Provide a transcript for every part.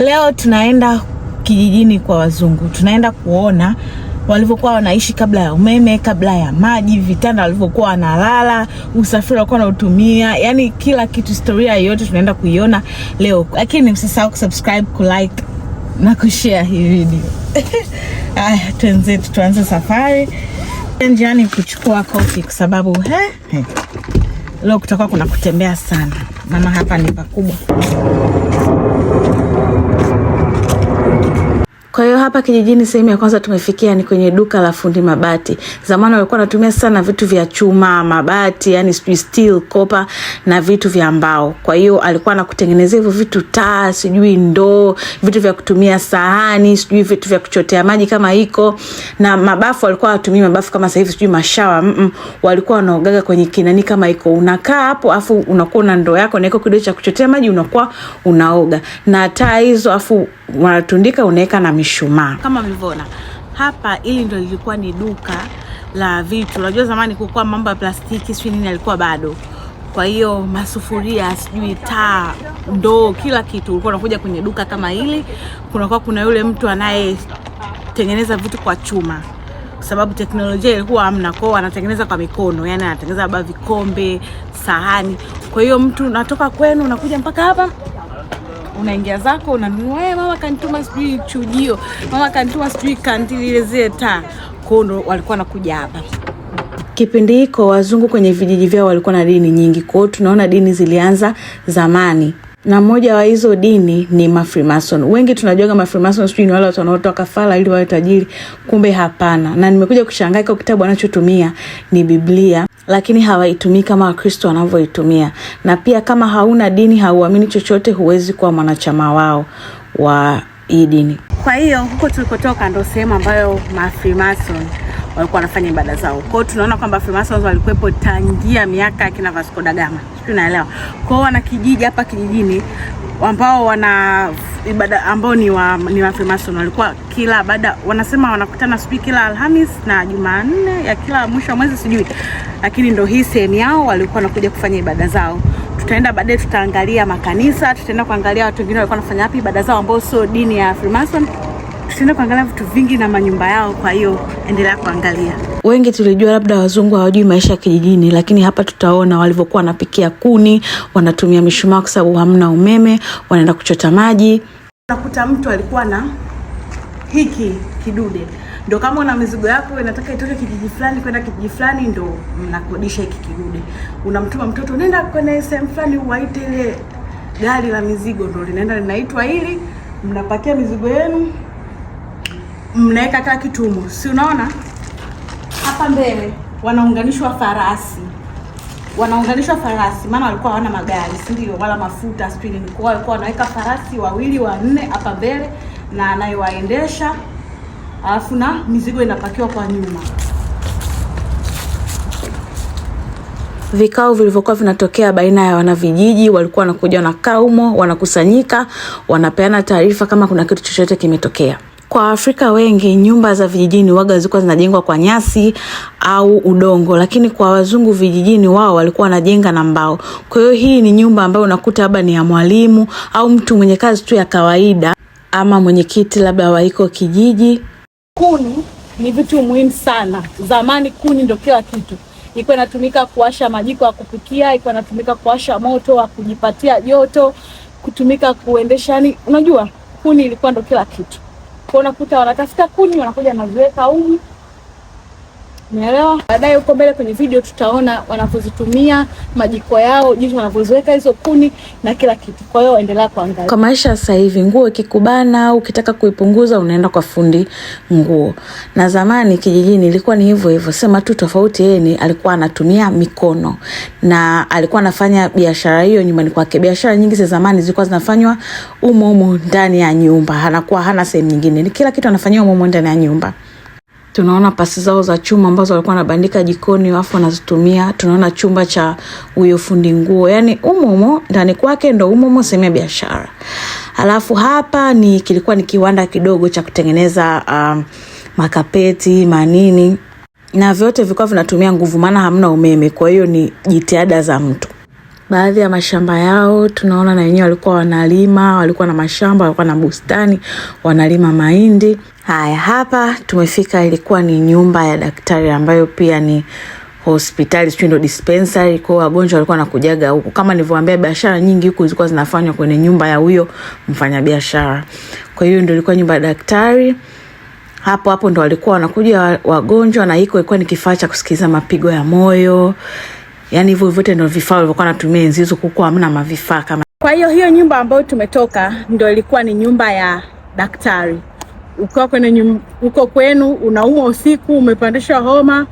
Leo tunaenda kijijini kwa wazungu, tunaenda kuona walivyokuwa wanaishi kabla ya umeme, kabla ya maji, vitanda walivyokuwa wanalala, usafiri walikuwa wanautumia, yani kila kitu, historia yote tunaenda kuiona leo. Lakini msisahau kusubscribe, kulike na kushare hii video. Aya, tuanze tuanze safari. Njiani kuchukua kofi kwa sababu he, leo kutakuwa kuna kutembea sana. Mama, hapa ni pakubwa. hapa kijijini sehemu ya kwanza tumefikia ni kwenye duka la fundi mabati. Zamani walikuwa wanatumia sana vitu vya chuma, mabati, yani sijui steel, copper na vitu vya mbao. Kwa hiyo alikuwa anakutengenezea hivyo vitu, taa, sijui ndoo, vitu vya kutumia sahani, sijui vitu vya kuchotea maji kama iko na mabafu. Walikuwa watumia mabafu kama sasa hivi, sijui mashawa mm -mm. Walikuwa wanaogaga kwenye kinani kama iko, unakaa hapo afu unakuwa na ndoo yako na iko kidogo cha kuchotea maji, unakuwa unaoga na taa hizo afu wanatundika, unaweka na mishumaa jamaa. Kama mlivyoona hapa, hili ndio lilikuwa ni duka la vitu. Unajua zamani kulikuwa mambo ya plastiki sio nini alikuwa bado, kwa hiyo masufuria, sijui taa, ndoo, kila kitu ulikuwa unakuja kwenye duka kama hili. Kunakuwa kuna yule mtu anayetengeneza vitu kwa chuma kwa sababu teknolojia ilikuwa hamna, kwao anatengeneza kwa mikono, yani anatengeneza labda vikombe, sahani. Kwa hiyo mtu natoka kwenu unakuja mpaka hapa unaingia zako unanunua, hey, eh, mama kanituma sijui chujio, mama kanituma sijui kandili ile zile taa. Kwao walikuwa nakuja hapa. Kipindi hiko wazungu kwenye vijiji vyao walikuwa na dini nyingi, kwao tunaona dini zilianza zamani na mmoja wa hizo dini ni Mafrimason. Wengi tunajuaga Mafrimason sijui ni wale watu wanaotoa kafara ili wawe tajiri, kumbe hapana. Na nimekuja kushangaa kwa kitabu anachotumia ni Biblia lakini hawaitumii kama Wakristo wanavyoitumia, na pia kama hauna dini, hauamini chochote, huwezi kuwa mwanachama wao wa hii dini. Kwa hiyo huko tulikotoka ndo sehemu ambayo mafrimason walikuwa wanafanya ibada zao. Kwa tunaona kwamba Freemasons walikuwepo tangia miaka ya kina Vasco da Gama, sijui unaelewa. wana kijiji hapa kijijini ambao wana ibada ambao ni wa ni wa Freemason walikuwa kila baada wanasema wanakutana sijui kila Alhamis na Jumanne ya kila mwisho wa mwezi sijui, lakini ndio hii sehemu yao walikuwa wanakuja kufanya ibada zao. Tutaenda baadaye, tutaangalia makanisa, tutaenda kuangalia watu wengine walikuwa wanafanya wapi ibada zao ambao sio dini ya Freemason. Tutaenda kuangalia vitu vingi na manyumba yao, kwa hiyo endelea kuangalia. Wengi tulijua labda wazungu hawajui maisha ya kijijini, lakini hapa tutaona walivyokuwa wanapikia kuni, wanatumia mishumaa kwa sababu hamna umeme, wanaenda kuchota maji. Nakuta mtu alikuwa na hiki kidude ndo kama una mizigo yako inataka itoke kijiji fulani kwenda kijiji fulani, ndo mnakodisha hiki kidude. Unamtuma mtoto, nenda kwenda sehemu fulani, uwaite ile gari la mizigo, ndo linaenda linaitwa, hili, mnapakia mizigo yenu, mnaweka kila kitu humo, si unaona? hapa mbele wanaunganishwa farasi, wanaunganishwa farasi, maana walikuwa hawana magari, si ndio? Wala mafuta sijui nini, kwa walikuwa wanaweka farasi wawili wanne hapa mbele na anayewaendesha, alafu na mizigo inapakiwa kwa nyuma. Vikao vilivyokuwa vinatokea baina ya wanavijiji, walikuwa wanakuja na kaumo, wanakusanyika, wanapeana taarifa kama kuna kitu chochote kimetokea. Kwa Afrika wengi nyumba za vijijini waga zilikuwa zinajengwa kwa nyasi au udongo, lakini kwa wazungu vijijini wao walikuwa wanajenga na mbao. Kwa hiyo hii ni nyumba ambayo unakuta labda ni ya mwalimu au mtu mwenye kazi tu ya kawaida ama mwenyekiti labda waiko kijiji. Kuni ni vitu muhimu sana. Zamani kuni ndio kila kitu, ilikuwa inatumika kuwasha majiko ya kupikia, ilikuwa inatumika kuwasha moto wa kujipatia joto, kutumika kuendesha, yani unajua kuni ilikuwa ndio kila kitu. Kwa unakuta wanatafuta kuni wanakuja wanaviweka humu Umeelewa? Baadaye huko mbele kwenye video tutaona wanavyozitumia majiko yao, jinsi wanavyoziweka hizo kuni na kila kitu. Kwa hiyo endelea kuangalia. Kwa maisha sasa hivi, nguo ikikubana, ukitaka kuipunguza unaenda kwa fundi nguo, na zamani kijijini ilikuwa ni hivyo hivyo, sema tu tofauti, yeye ni alikuwa anatumia mikono na alikuwa anafanya biashara hiyo nyumbani kwake. Biashara nyingi za zamani zilikuwa zinafanywa umo umo ndani ya nyumba, anakuwa hana sehemu nyingine, ni kila kitu anafanyiwa umo umo ndani ya nyumba tunaona pasi zao za chuma ambazo walikuwa wanabandika jikoni, wafu wanazitumia. Tunaona chumba cha huyo fundi nguo, yani umomo ndani kwake ndo umomo sehemu ya biashara. Alafu hapa ni kilikuwa ni kiwanda kidogo cha kutengeneza um, makapeti manini, na vyote vikuwa vinatumia nguvu, maana hamna umeme. Kwa hiyo ni jitihada za mtu baadhi ya mashamba yao tunaona na wenyewe walikuwa wanalima, walikuwa na mashamba, walikuwa na bustani, wanalima mahindi. Haya, hapa tumefika, ilikuwa ni nyumba ya daktari ambayo pia ni hospitali sio, ndo dispensary kwa wagonjwa walikuwa wanakujaga huko. Kama nilivyowaambia, biashara nyingi huko zilikuwa zinafanywa kwenye nyumba ya huyo mfanyabiashara. Kwa hiyo ndio ilikuwa nyumba ya daktari, hapo hapo ndo walikuwa wanakuja wagonjwa, na iko ilikuwa ni kifaa cha kusikiliza mapigo ya moyo yani hivyo vyote ndio vifaa walivyokuwa wanatumia enzi hizo, kuko hamna mavifaa kama. Kwa hiyo hiyo nyumba ambayo tumetoka ndio ilikuwa ni nyumba ya daktari. Ukiwa kwenye huko kwenu unaumwa usiku, umepandishwa homa,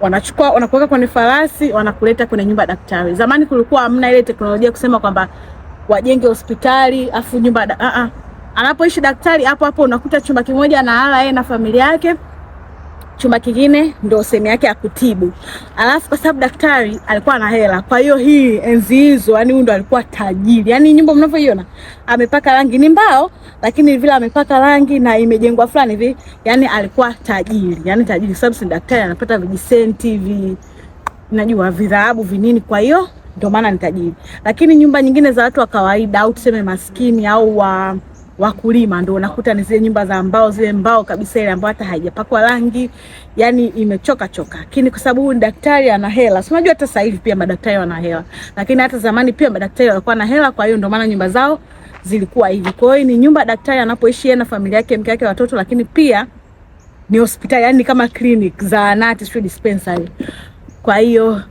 wanachukua wanakuweka kwenye farasi, wanakuleta kwenye nyumba ya daktari. Zamani kulikuwa hamna ile teknolojia kusema kwamba wajenge hospitali afu nyumba a a, anapoishi daktari hapo hapo unakuta chumba kimoja na hala yeye na familia yake chumba kingine ndo sehemu yake ya kutibu. Alafu kwa sababu daktari alikuwa na hela, kwa hiyo hii enzi hizo, yani huyu ndo alikuwa tajiri. Yani nyumba mnavyoiona amepaka rangi ni mbao, lakini vile amepaka rangi na imejengwa fulani hivi, yani alikuwa tajiri, yani tajiri, sababu si daktari anapata vijisenti vi najua vidhahabu vinini, kwa hiyo ndo maana ni tajiri. Lakini nyumba nyingine za watu wa kawaida au tuseme maskini au wa uh, wakulima ndio unakuta ni zile nyumba za mbao, zile mbao kabisa, ile ambayo hata haijapakwa rangi, yani imechoka choka. Lakini kwa sababu huyu daktari ana hela, si unajua hata sasa hivi pia madaktari wana hela, lakini hata zamani pia madaktari walikuwa na hela, kwa hiyo ndio maana nyumba zao zilikuwa hivi. Kwa hiyo ni nyumba daktari anapoishi yeye na familia yake, mke wake, watoto, lakini pia ni hospitali, yani kama clinic, zahanati, sio dispensary. Kwa hiyo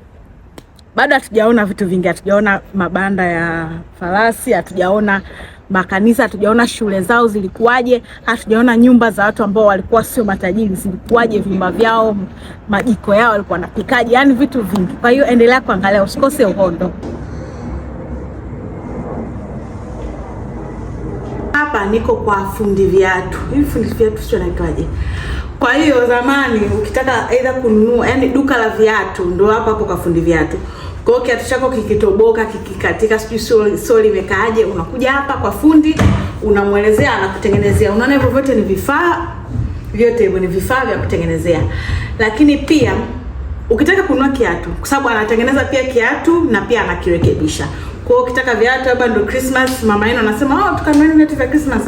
bado hatujaona vitu vingi, hatujaona mabanda ya farasi, hatujaona makanisa, hatujaona shule zao zilikuwaje, hatujaona nyumba za watu ambao walikuwa sio matajiri zilikuwaje, vyumba vyao, majiko yao walikuwa wanapikaje, yani vitu vingi. Kwa hiyo endelea kuangalia, usikose uhondo. hapa niko kwa fundi viatu. Hivi fundi viatu sio naitwaje? Kwa hiyo zamani ukitaka aidha kununua, yani duka la viatu ndio hapa hapo kwa fundi viatu. Kwa hiyo kiatu chako kikitoboka, kikikatika, sijui soli imekaaje, unakuja hapa kwa fundi, unamwelezea anakutengenezea. Unaona hivyo vyote ni vifaa vyote hivyo ni vifaa vya kutengenezea. Lakini pia ukitaka kununua kiatu, kwa sababu anatengeneza pia kiatu na pia anakirekebisha. Kwa ukitaka viatu hapa ndo Christmas, mama yenu anasema oh, tukanunua viatu vya Christmas.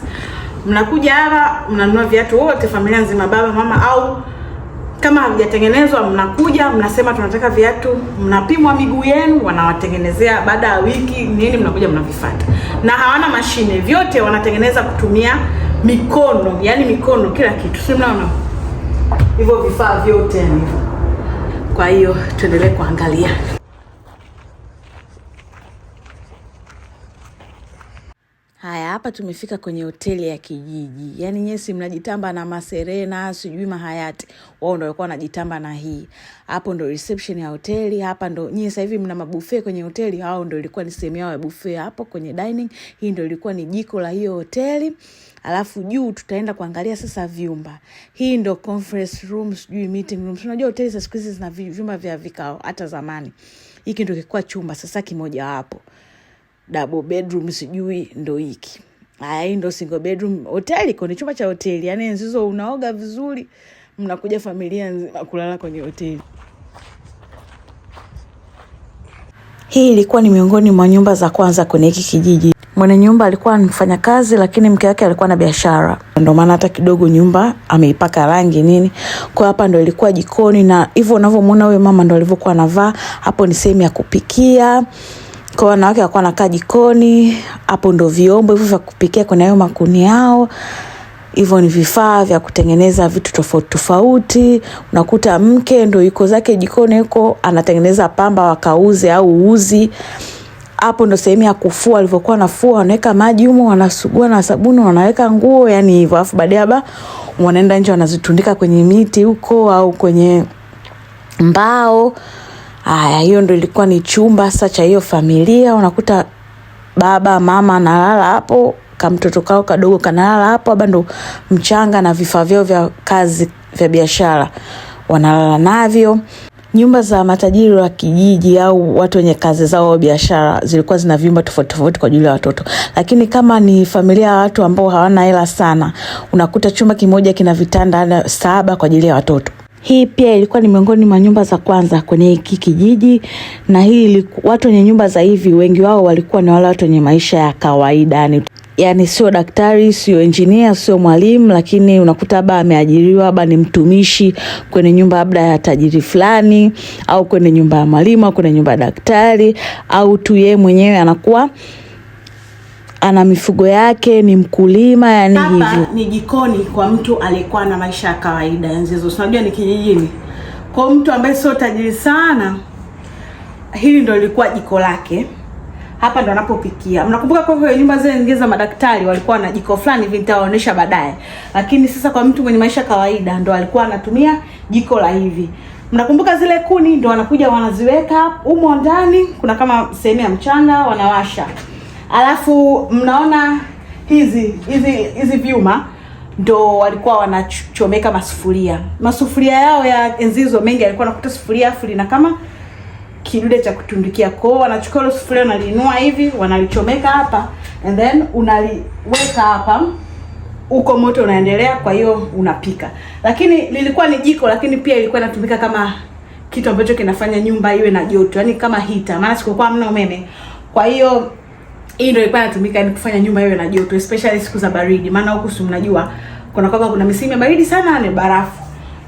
Mnakuja hapa mnanunua viatu wote, familia nzima, baba, mama au kama havijatengenezwa mnakuja mnasema tunataka viatu, mnapimwa miguu yenu, wanawatengenezea. Baada ya wiki nini, mnakuja mnavifuata, na hawana mashine, vyote wanatengeneza kutumia mikono, yani mikono, kila kitu, si mnaona hivyo vifaa vyote hivyo. Kwa hiyo tuendelee kuangalia. hapa tumefika kwenye hoteli ya kijiji, yaani nyesi mnajitamba na Maserena sijui Mahayati, wao ndo walikuwa wanajitamba na hii. Hapo ndo reception ya hoteli, hapa ndo nyie sasa hivi mna mabuffet kwenye hoteli, hao ndo ilikuwa ni sehemu yao ya buffet hapo kwenye dining. Hii ndo ilikuwa ni jiko la hiyo hoteli. Alafu juu tutaenda kuangalia sasa vyumba. Hii ndo conference room, sijui meeting room. Unajua hoteli za siku hizi zina vyumba vya vikao, hata zamani hiki ndo kikuwa chumba sasa kimoja kimojawapo double bedroom sijui ndo hiki Hai, ndo single bedroom hoteli, ni chumba cha hoteli yani nzizo, unaoga vizuri, mnakuja familia nzima kulala kwenye hoteli. Hii ilikuwa ni miongoni mwa nyumba za kwanza kwenye hiki kijiji. Mwenye nyumba alikuwa mfanya kazi, lakini mke wake alikuwa na biashara, ndio maana hata kidogo nyumba ameipaka rangi nini. Kwa hapa ndo ilikuwa jikoni, na hivyo unavyomwona huyo mama ndo alivyokuwa anavaa. Hapo ni sehemu ya kupikia. Kwa wanawake walikuwa wanakaa jikoni, hapo ndo vyombo hivyo vya kupikia kwenye hayo makuni yao. Hivyo ni vifaa vya kutengeneza vitu tofauti tofauti. Unakuta mke ndo yuko zake jikoni huko anatengeneza pamba wakauze au uuzi. Hapo ndo sehemu ya kufua, alivyokuwa nafua, wanaweka maji humo, wanasugua na sabuni, wanaweka nguo, yani hivyo. Alafu baadaye hapa wanaenda nje wanazitundika kwenye miti huko au kwenye mbao. Haya, hiyo ndo ilikuwa ni chumba sasa cha hiyo familia. Unakuta baba mama analala hapo, kamtoto kao kadogo kanalala hapo, haba ndo mchanga na vifaa vyao vya kazi vya biashara wanalala navyo. Nyumba za matajiri wa kijiji au watu wenye kazi zao wa biashara zilikuwa zina vyumba tofauti tofauti kwa ajili ya watoto, lakini kama ni familia ya watu ambao hawana hela sana, unakuta chumba kimoja kina vitanda saba kwa ajili ya watoto. Hii pia ilikuwa ni miongoni mwa nyumba za kwanza kwenye hiki kijiji, na hii watu wenye nyumba za hivi wengi wao walikuwa ni wale watu wenye maisha ya kawaida yani yani sio daktari, sio engineer, sio mwalimu, lakini unakuta labda ameajiriwa, labda ni mtumishi kwenye nyumba labda ya tajiri fulani, au kwenye nyumba ya mwalimu, au kwenye nyumba ya daktari, au tu yeye mwenyewe anakuwa ana mifugo yake, ni mkulima, yani hivyo. ni jikoni kwa mtu aliyekuwa na maisha ya kawaida ya Nzezo. Unajua ni kijijini, kwa mtu ambaye sio tajiri sana, hili ndio lilikuwa jiko lake. Hapa ndo anapopikia. Mnakumbuka kwa nyumba zile nyingine za madaktari walikuwa na jiko fulani hivi, nitawaonesha baadaye, lakini sasa kwa mtu mwenye maisha kawaida ndo alikuwa anatumia jiko la hivi. Mnakumbuka zile kuni ndo wanakuja wanaziweka humo ndani, kuna kama sehemu ya mchanga wanawasha Alafu mnaona hizi hizi hizi vyuma ndo walikuwa wanachomeka masufuria. Masufuria yao ya enzi hizo mengi alikuwa anakuta sufuria afu lina kama kidude cha kutundikia. Kwa hiyo wanachukua ile sufuria wanaliinua hivi, wanalichomeka hapa and then unaliweka hapa. Uko moto unaendelea, kwa hiyo unapika. Lakini lilikuwa ni jiko, lakini pia ilikuwa inatumika kama kitu ambacho kinafanya nyumba iwe na joto, yani kama hita, maana sikokuwa mna umeme. Kwa hiyo hii ndio ilikuwa inatumika ni kufanya nyumba iwe na joto especially siku za baridi, maana huku si mnajua kuna kwamba kuna misimu ya baridi sana na barafu.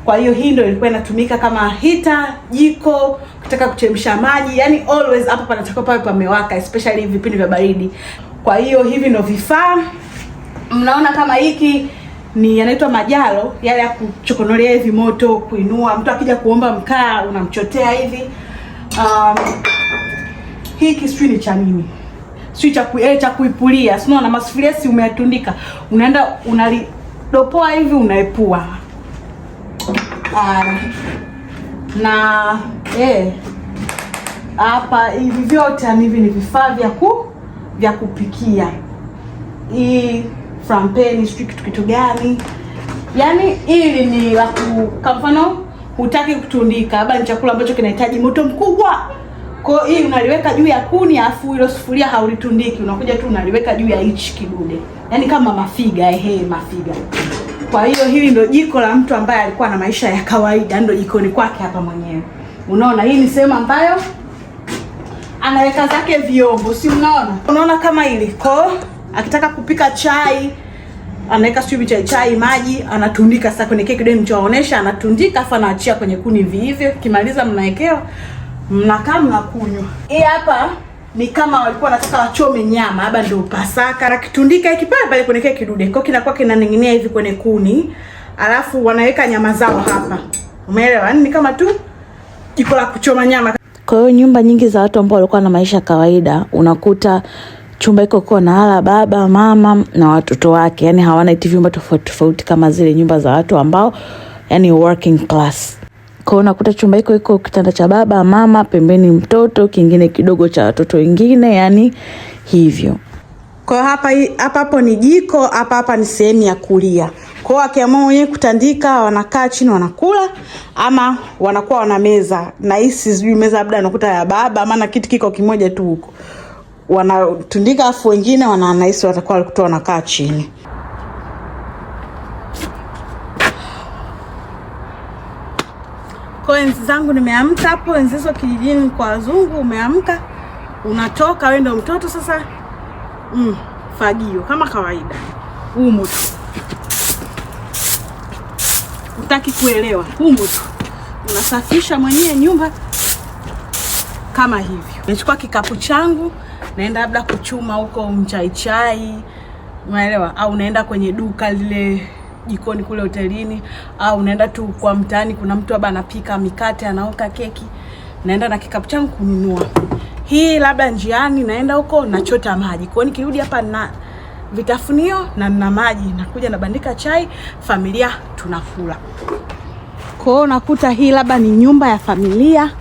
Kwa hiyo hii ndio ilikuwa inatumika kama hita, jiko, kutaka kuchemsha maji, yani always hapa panatakiwa pawe pamewaka especially vipindi vya baridi. Kwa hiyo hivi ndio vifaa mnaona, kama hiki ni yanaitwa majalo yale ya kuchokonolea hivi moto, kuinua mtu akija kuomba mkaa unamchotea hivi. Um, hiki sijui ni cha nini sio cha eh, cha kuipulia, si na masufuria si unaenda unalidopoa hivi unaepua. Ah, Na eh hapa hivi vyote yaani hivi ni vifaa vya ku vya kupikia. Hii frampeni sijui kitu kitu gani. Yaani hili ni la kwa mfano hutaki kutundika, labda ni chakula ambacho kinahitaji moto mkubwa. Kwa hiyo hii unaliweka juu ya kuni, afu hilo sufuria haulitundiki, unakuja tu unaliweka juu ya hichi kidude, yaani kama mafiga. Ehe, mafiga. Kwa hiyo hili ndio jiko la mtu ambaye alikuwa na maisha ya kawaida, ndio jikoni kwake hapa mwenyewe. Unaona, hii ni sehemu ambayo anaweka zake vyombo, si unaona? Unaona kama hili ko akitaka kupika chai anaweka sijui chai chai maji anatundika. Sasa kwenye keki deni mtawaonesha, anatundika afu anaachia kwenye kuni hivi kimaliza mnawekewa mnakaa mnakunywa. Hii hapa ni kama walikuwa wanataka wachome nyama, labda ndio pasaka nakitundika hiki pale pale kwenye kidude kwa kinakuwa kinaning'inia hivi kwenye kuni, alafu wanaweka nyama zao hapa, umeelewa? Yaani ni kama tu jiko la kuchoma nyama. Kwa hiyo nyumba nyingi za watu ambao walikuwa na maisha kawaida, unakuta chumba iko kwa na hala baba mama na watoto wake, yani hawana hivi vyumba tofauti tofauti kama zile nyumba za watu ambao yani working class kwao nakuta chumba hiko iko kitanda cha baba, mama, pembeni mtoto, kingine kidogo cha watoto wengine, yani hivyo. Kwa hapa hapa hapo ni jiko, hapa hapa ni sehemu ya kulia. Kwa hiyo akiamua mwenyewe kutandika, wanakaa chini wanakula, ama wanakuwa wana meza na hisi sijui meza labda anakuta ya baba, maana kitu kiko kimoja tu huko wanatundika, afu wengine wanaanahisi watakuwa walikuta wanakaa chini. Kwa enzi zangu nimeamka hapo, enzi kijijini kwa wazungu, umeamka unatoka wewe, ndio mtoto sasa. Mm, fagio kama kawaida, humu tu, utaki kuelewa, humu tu unasafisha mwenyewe nyumba kama hivyo. Nimechukua kikapu changu, naenda labda kuchuma huko mchaichai, unaelewa, au naenda kwenye duka lile jikoni kule hotelini au unaenda tu kwa mtaani, kuna mtu labda anapika mikate, anaoka keki, naenda na kikapu changu kununua hii, labda njiani naenda huko nachota maji, kwa hiyo nikirudi hapa na vitafunio na na maji, nakuja nabandika chai, familia tunafula Kwa hiyo nakuta hii labda ni nyumba ya familia.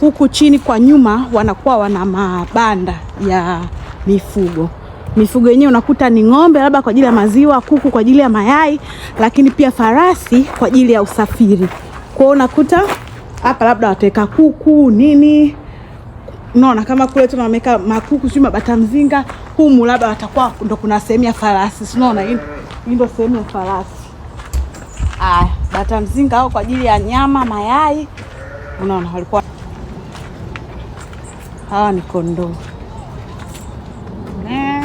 Huku chini kwa nyuma wanakuwa wana mabanda ya mifugo. Mifugo yenyewe unakuta ni ng'ombe labda kwa ajili ya maziwa, kuku kwa ajili ya mayai, lakini pia farasi kwa ajili ya usafiri. Kwao unakuta hapa labda wataweka kuku nini, unaona kama kule tu wameka makuku sio mabata mzinga, humu labda watakuwa ndo kuna sehemu ya farasi, unaona hii ndo sehemu ya farasi. Ah, bata mzinga au kwa ajili ya nyama, mayai, unaona walikuwa hawa ni kondoo. Eh.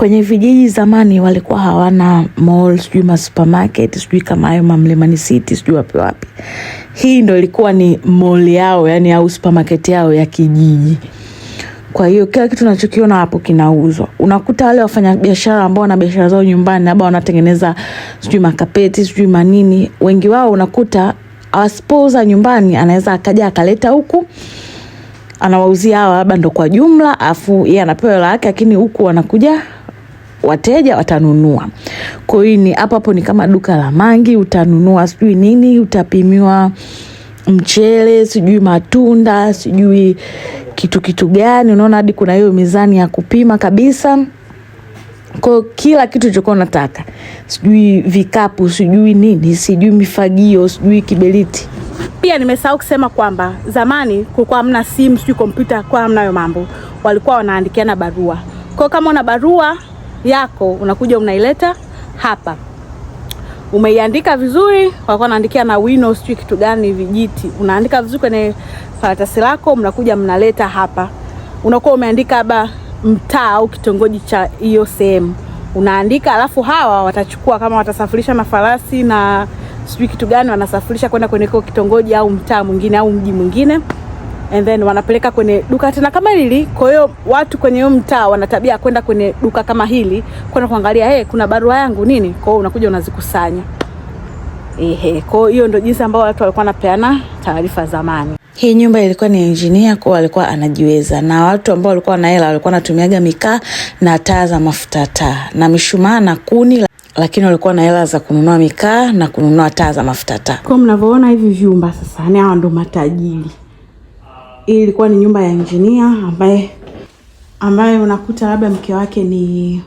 kwenye vijiji zamani walikuwa hawana mall, sijui ma supermarket, sijui kama hayo mamlimani city, sijui wapi wapi. Hii ndo ilikuwa ni mall yao, yani au supermarket yao ya kijiji. Kwa hiyo kila kitu unachokiona hapo kinauzwa. Unakuta wale wafanyabiashara ambao wana biashara zao nyumbani, labda wanatengeneza sijui makapeti, sijui manini, wengi wao unakuta awasipouza nyumbani, anaweza akaja akaleta huku anawauzia hawa labda ndo kwa jumla, afu yeye anapewa hela yake, lakini huku wanakuja wateja watanunua. Kwa hiyo ni hapo hapo, ni kama duka la mangi, utanunua sijui nini, utapimiwa mchele, sijui matunda, sijui kitu kitu gani. Unaona, hadi kuna hiyo mizani ya kupima kabisa kwa kila kitu ulichokuwa unataka, sijui vikapu, sijui nini, sijui mifagio, sijui kiberiti. Pia nimesahau kusema kwamba zamani kulikuwa hamna simu, sijui kompyuta, kwa hamna hayo mambo, walikuwa wanaandikiana barua. Kwa kama una barua yako unakuja unaileta hapa, umeiandika vizuri. Wako naandikia na wino, sijui kitu gani, vijiti, unaandika vizuri kwenye karatasi lako, mnakuja mnaleta hapa. Unakuwa umeandika haba mtaa au kitongoji cha hiyo sehemu unaandika, alafu hawa watachukua, kama watasafirisha mafarasi na sijui kitu gani, wanasafirisha kwenda kwenye kitongoji au mtaa mwingine au mji mwingine and then wanapeleka kwenye duka tena kama hili. Kwa hiyo watu kwenye huu mtaa wana tabia kwenda kwenye duka kama hili kwenda kuangalia, hey, kuna barua yangu nini. Kwa hiyo unakuja unazikusanya. Ehe, kwa hiyo ndio jinsi ambao watu walikuwa wanapeana taarifa zamani. Hii nyumba ilikuwa ni engineer kwa alikuwa anajiweza, na watu ambao walikuwa na hela walikuwa wanatumiaga mikaa na taa za mafuta taa na mishumaa na kuni, lakini walikuwa na hela za kununua mikaa na kununua taa za mafuta taa. Kwa mnavyoona hivi vyumba sasa, ni hao ndio matajiri. Hii ilikuwa ni nyumba ya injinia ambaye ambaye unakuta labda mke wake ni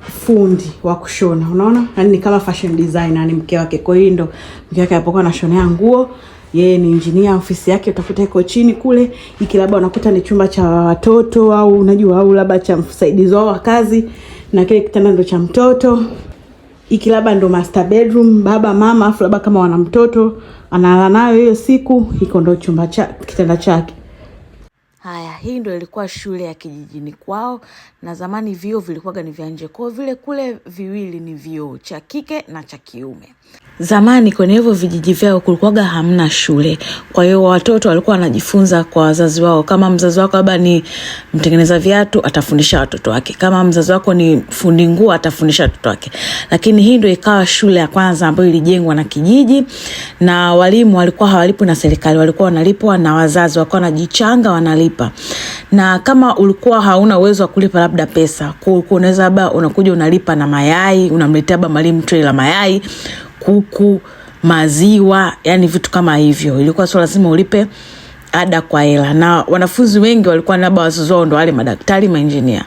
fundi wa kushona, unaona, yaani ni kama fashion designer ni mke wake. Kwa hiyo ndo mke wake alipokuwa anashonea nguo, yeye ni engineer, Ofisi yake utakuta iko chini kule. Iki labda unakuta ni chumba cha watoto au unajua, au labda cha msaidizi wao wa kazi, na kile kitanda ndo cha mtoto. Iki labda ndo master bedroom, baba mama, afu labda kama wana mtoto analala nayo hiyo siku, hiko ndo chumba cha kitanda chake. Haya, hii ndo ilikuwa shule ya kijijini kwao, na zamani vyoo vilikuwaga ni vya nje kwao, vile kule viwili ni vyoo cha kike na cha kiume. Zamani kwenye hivyo vijiji vyao kulikuwaga hamna shule, kwa hiyo watoto walikuwa wanajifunza kwa wazazi wao. Kama mzazi wako labda ni mtengeneza viatu, atafundisha watoto wake. Kama mzazi wako ni fundi nguo, atafundisha watoto wake. Lakini hii ndio ikawa shule ya kwanza ambayo ilijengwa na kijiji, na walimu walikuwa hawalipwi na serikali, walikuwa wanalipwa na wazazi, walikuwa wanajichanga wanalipa. Na kama ulikuwa hauna uwezo wa kulipa labda pesa, unaweza labda unakuja unalipa na mayai, unamletea baba mwalimu trei la mayai kuku, maziwa, yani vitu kama hivyo. Ilikuwa sio lazima ulipe ada kwa hela, na wanafunzi wengi walikuwa naba wazazi wao ndo wale madaktari, mainjinia.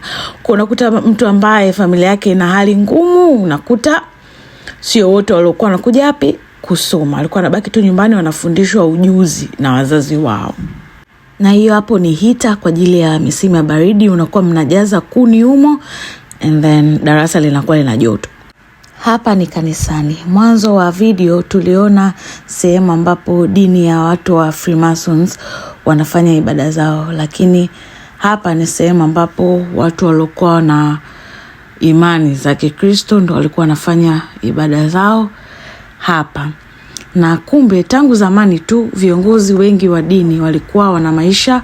Unakuta mtu ambaye familia yake ina hali ngumu, unakuta sio wote waliokuwa wanakuja wapi kusoma, walikuwa wanabaki tu nyumbani, wanafundishwa ujuzi na wazazi wao na hiyo hapo ni hita kwa ajili ya misimu ya baridi, unakuwa mnajaza kuni humo, and then darasa linakuwa lina joto. Hapa ni kanisani. Mwanzo wa video tuliona sehemu ambapo dini ya watu wa Freemasons wanafanya ibada zao, lakini hapa ni sehemu ambapo watu waliokuwa na imani za Kikristo ndo walikuwa wanafanya ibada zao hapa. Na kumbe tangu zamani tu viongozi wengi wa dini walikuwa wana maisha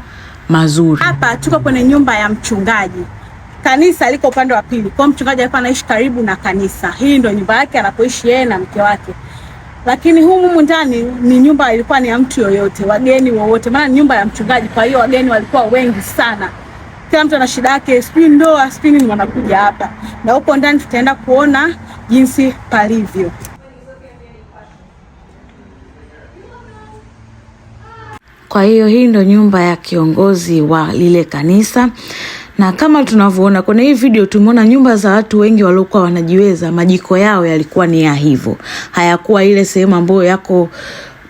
mazuri. Hapa tuko kwenye nyumba ya mchungaji Kanisa liko upande wa pili, kwa mchungaji alikuwa anaishi karibu na kanisa. Hii ndio nyumba yake anapoishi yeye na mke wake, lakini humu ndani ni nyumba ilikuwa ni ya mtu yoyote, wageni wowote, maana ni nyumba ya mchungaji. Kwa hiyo wageni walikuwa wengi sana, kila mtu ana shida yake, sijui ndoa, sijui nini, wanakuja hapa, na huko ndani tutaenda kuona jinsi palivyo. Kwa hiyo hii ndo nyumba ya kiongozi wa lile kanisa na kama tunavyoona kwenye hii video tumeona nyumba za watu wengi waliokuwa wanajiweza, majiko yao yalikuwa ni ya hivyo, hayakuwa ile sehemu ambayo yako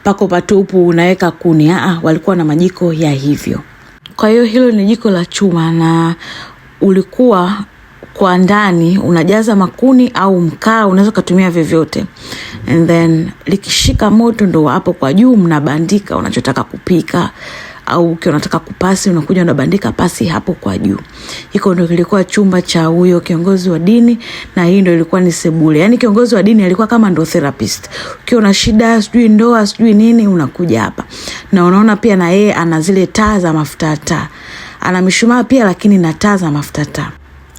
pako patupu unaweka kuni. Aa, walikuwa na majiko ya hivyo. Kwa hiyo hilo ni jiko la chuma na ulikuwa kwa ndani unajaza makuni au mkaa, unaweza ukatumia vyovyote, and then likishika moto ndo hapo kwa juu mnabandika unachotaka kupika au ukiwa unataka kupasi unakuja unabandika pasi hapo kwa juu. Hiko ndo kilikuwa chumba cha huyo kiongozi wa dini, na hii ndo ilikuwa ni sebule. Yani kiongozi wa dini alikuwa kama ndo therapist. Ukiwa na shida sijui ndoa sijui nini, unakuja hapa na unaona pia na yeye ana zile taa za mafuta taa, ana mishumaa pia, lakini na taa za mafuta taa.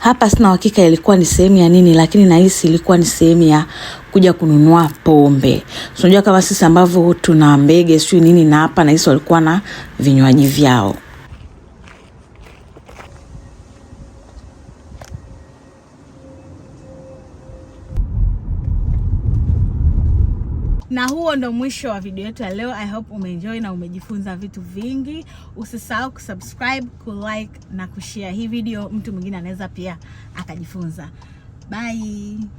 Hapa sina uhakika ilikuwa ni sehemu ya nini, lakini nahisi ilikuwa ni sehemu ya kuja kununua pombe. Unajua kama sisi ambavyo tuna mbege sio nini, na hapa nahisi walikuwa na vinywaji vyao. na huo ndo mwisho wa video yetu ya leo. I hope umeenjoy na umejifunza vitu vingi. Usisahau kusubscribe, kulike na kushare hii video, mtu mwingine anaweza pia akajifunza. Bye.